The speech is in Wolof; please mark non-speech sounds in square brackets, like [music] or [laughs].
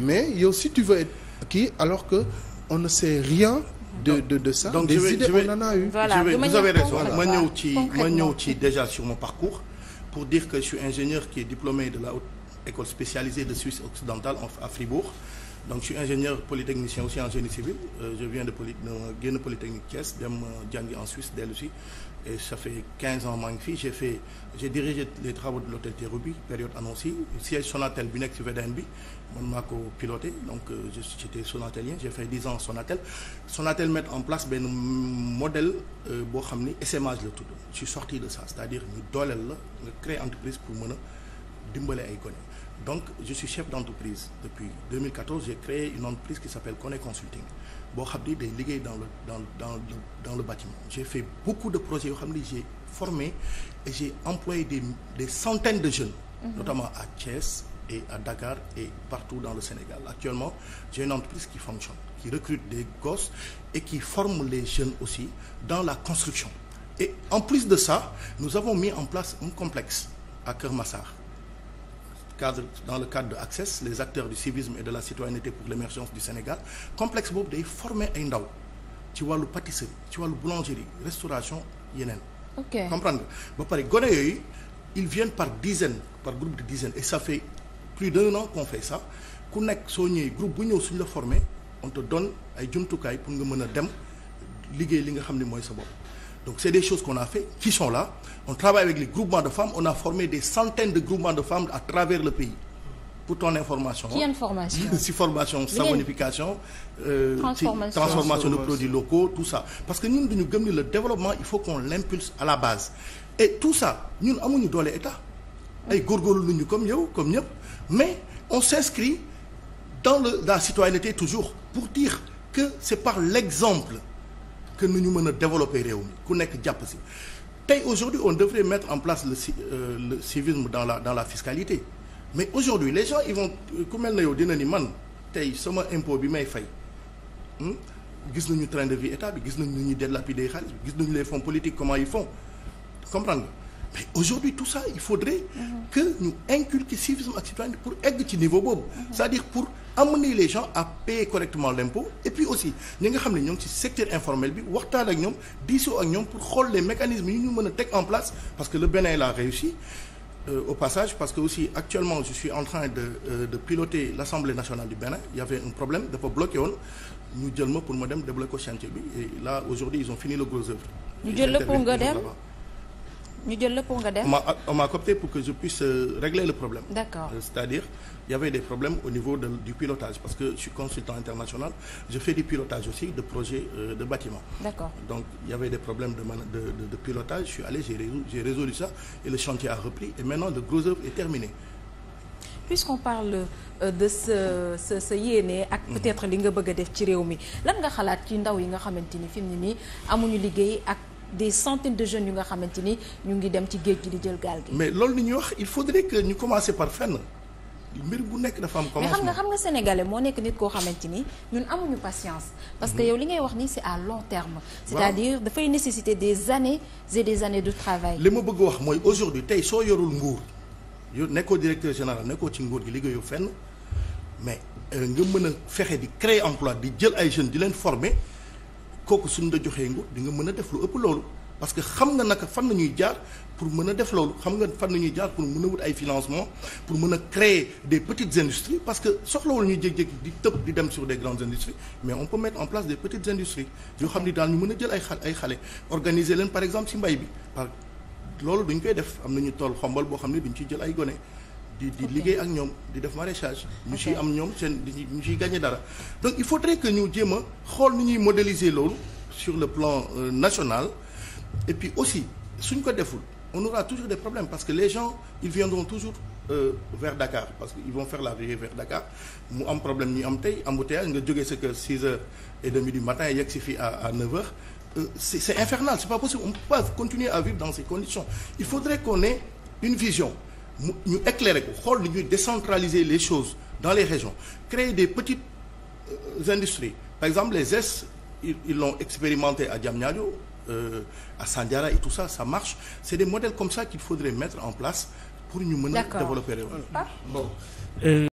mais yow si tu veux être kii alors que on ne sait rien. de de de ça donc des je vais, idées je vais, on en a eu. voilà je vais, vous avez raison ma ñëw ci ma ñëw ci déjà sur mon parcours. pour dire que je suis ingénieur qui est diplômé de la haute école spécialisée de Suisse occidentale à Fribourg. donc je suis ingénieur polytechnicien aussi en génie civil euh, je viens de poly génn polytechnique Thiès dem euh, jàngi en Suisse dellu si et ça fait 15 ans maa ngi fii j'ai fait j'ai dirigé les travaux de l'hôtel Terrou-Bi période annoncée siège Sonatel bi nekk ci VDN bi man maa ko piloté donc euh, j'étais sonatelien j'ai fait 10 ans Sonatel Sonatel mettre en place benn modèle euh, boo xam ni SMH la tudd je sorti de ça c'est-à-dire ñu dooleel la nga créer entreprise pour mën a dimbale ay gone donc je suis chef d'entreprise depuis 2014 j'ai créé une entreprise qui s'appelle Koné Consulting boo xam ni day liggéey dans le dans dans le dans le bâtiment j'ai fait beaucoup de projets yoo xam j'ai formé et j'ai employé des des centaines de jeunes mm-hmm. notamment à Thiès et à Dakar et partout dans le Sénégal actuellement j'ai une entreprise qui fonctionne qui recrute des gosses et qui forme les jeunes aussi dans la construction et en plus de ça nous avons mis en place un complexe à Keur Massar cadre dans le cadre de ACCESS les acteurs du civisme et de la citoyenneté pour l'émergence du Sénégal complexe boobu day former ay ndaw ci wàllu pâtisserie ci wàllu boulangerie restauration yeneen. ok comprendre nga ba pare gone yooyu ils viennent par dizaines par groupe de dizaines et ça fait plus de an qu'on fait ça ku nekk soo ñëwee groupe bu ñëw suñ la former on te donne ay jumtukaay pour nga mën a dem liggéey li nga xam ne mooy sa bopp. Donc c'est des choses qu'on a fait, qui sont là. On travaille avec les groupements de femmes. On a formé des centaines de groupements de femmes à travers le pays. Pour ton information. Qui information formation, [laughs] saponification, euh, transformation. de produits locaux, tout ça. Parce que nous, nous le développement, il faut qu'on l'impulse à la base. Et tout ça, nous avons nous dans l'État. Et nous comme nous, comme nous. Mais on s'inscrit dans, le, dans la citoyenneté toujours pour dire que c'est par l'exemple. que nañu mën a développer réew mi ku nekk jàpp si tey aujourd'hui on devrait mettre en place le si euh, le civisme dans la dans la fiscalité mais aujourd'hui les gens ils vont ku mel na yow dina ni man tey sama impôt bi may fay hmm, gis nañu train de vie état bi gis nañu nu della délapider xaalis bi gis nañu les fonds politiques comment ils font comprendre nga mais aujourd'hui tout ça il faudrait que ñu inculquer civisme ak pour egg ci niveau boobu cest dire pour amener les gens à payer correctement l'impôt et puis aussi ñi nga xam ne ñoom ci secteur informel bi waxtaan ak ñoom diisoo ak ñoom pour xool les mécanismes yi ñu mën a teg en place parce que le Bénin l'a réussi Euh, au passage parce que aussi actuellement je suis en train de euh, de piloter l'Assemblée nationale du Bénin il y avait un problème dafa bloqué ma pour dem débloquer ko chantier la pour nga dem ñu jël lépp nga def. on m'a coopté pour que je puisse euh, régler le problème. d'accord euh, c'est-à-dire il y avait des problèmes au niveau de, du pilotage parce que je suis consultant international je fais du pilotage aussi de projets euh, de bâtiments. d'accord donc il y avait des problèmes de de, de, de pilotage je suis allé j'ai résolu ça et le chantier a repris et maintenant le gros œuvre est terminé. puisqu'on parle euh, de sa sa ak mhm. peut-être li nga bëgg def ci réew mi lan nga xalaat ci ndaw yi nga xamante ni fi nii amuñu liggéey des centaines de jeunes yu nga xamante ni ñu ngi dem ci géej gi di jël gaal gi. mais loolu ni ñuy wax il faudrait que ñu commencer par fenn mbir bu nekk dafa am. commencement mais nga xam nga moo nekk nit koo xamante ni ñun amuñu patience. parce que mhm. yow li ngay wax nii c'est à long terme. c'est-à-dire dafay nécessiter des années et des années de travail. li ma bëgg wax mooy aujourd'hui tey soo yorul nguur yow nekkoo directeur général nekkoo ci nguur gi liggéeyu fenn mais euh, nga mën a fexe di créer emploi di jël ay jeunes di leen former. kooku suñ la joxee nguur dinga nga mën a def lu ëpp loolu parce que xam nga naka fan na ñuy jaar pour mën a def loolu xam nga fan na ñuy jaar pour mën a wut ay financement pour mën a créer des petites industries parce que soxlawul ñu jékki-jékki di tëb di dem sur des grandes industries mais on peut mettre en place des petites industries yoo xam ni daal ñu mën a jël ay xale ay xale organiser leen par exemple ci mbay bi par loolu duñ koy def am nañu tool xombal boo xam ne duñ ciy jël ay gone di di liggéey ak ñoom di def maraîchage. ñu siy am ñoom seen di ñu siy gagné dara. donc il faudrait que ñu jéem a xool nu ñuy modéliser loolu sur le plan euh, national et puis aussi suñ ko deful on aura toujours des problèmes parce que les gens ils viendront toujours. Euh, vers Dakar parce que ils vont faire la virée vers Dakar mu am problème ñu am tey embouteillage nga jógee sa kër 6 heures et demi du matin yegg si fii à à 9 heures euh, c'est infernal c'est pas possible on peut pas continuer à vivre dans ces conditions il mu ñu éclairer ko xool ni ñuy décentraliser les choses dans les régions créer des petites euh, industries par exemple les ZES ils l'ont expérimenté à Diamniadio euh, à Sandiara et tout ça ça marche c'est des modèles comme ça qu'il faudrait mettre en place pour ñu mën a développer réew bon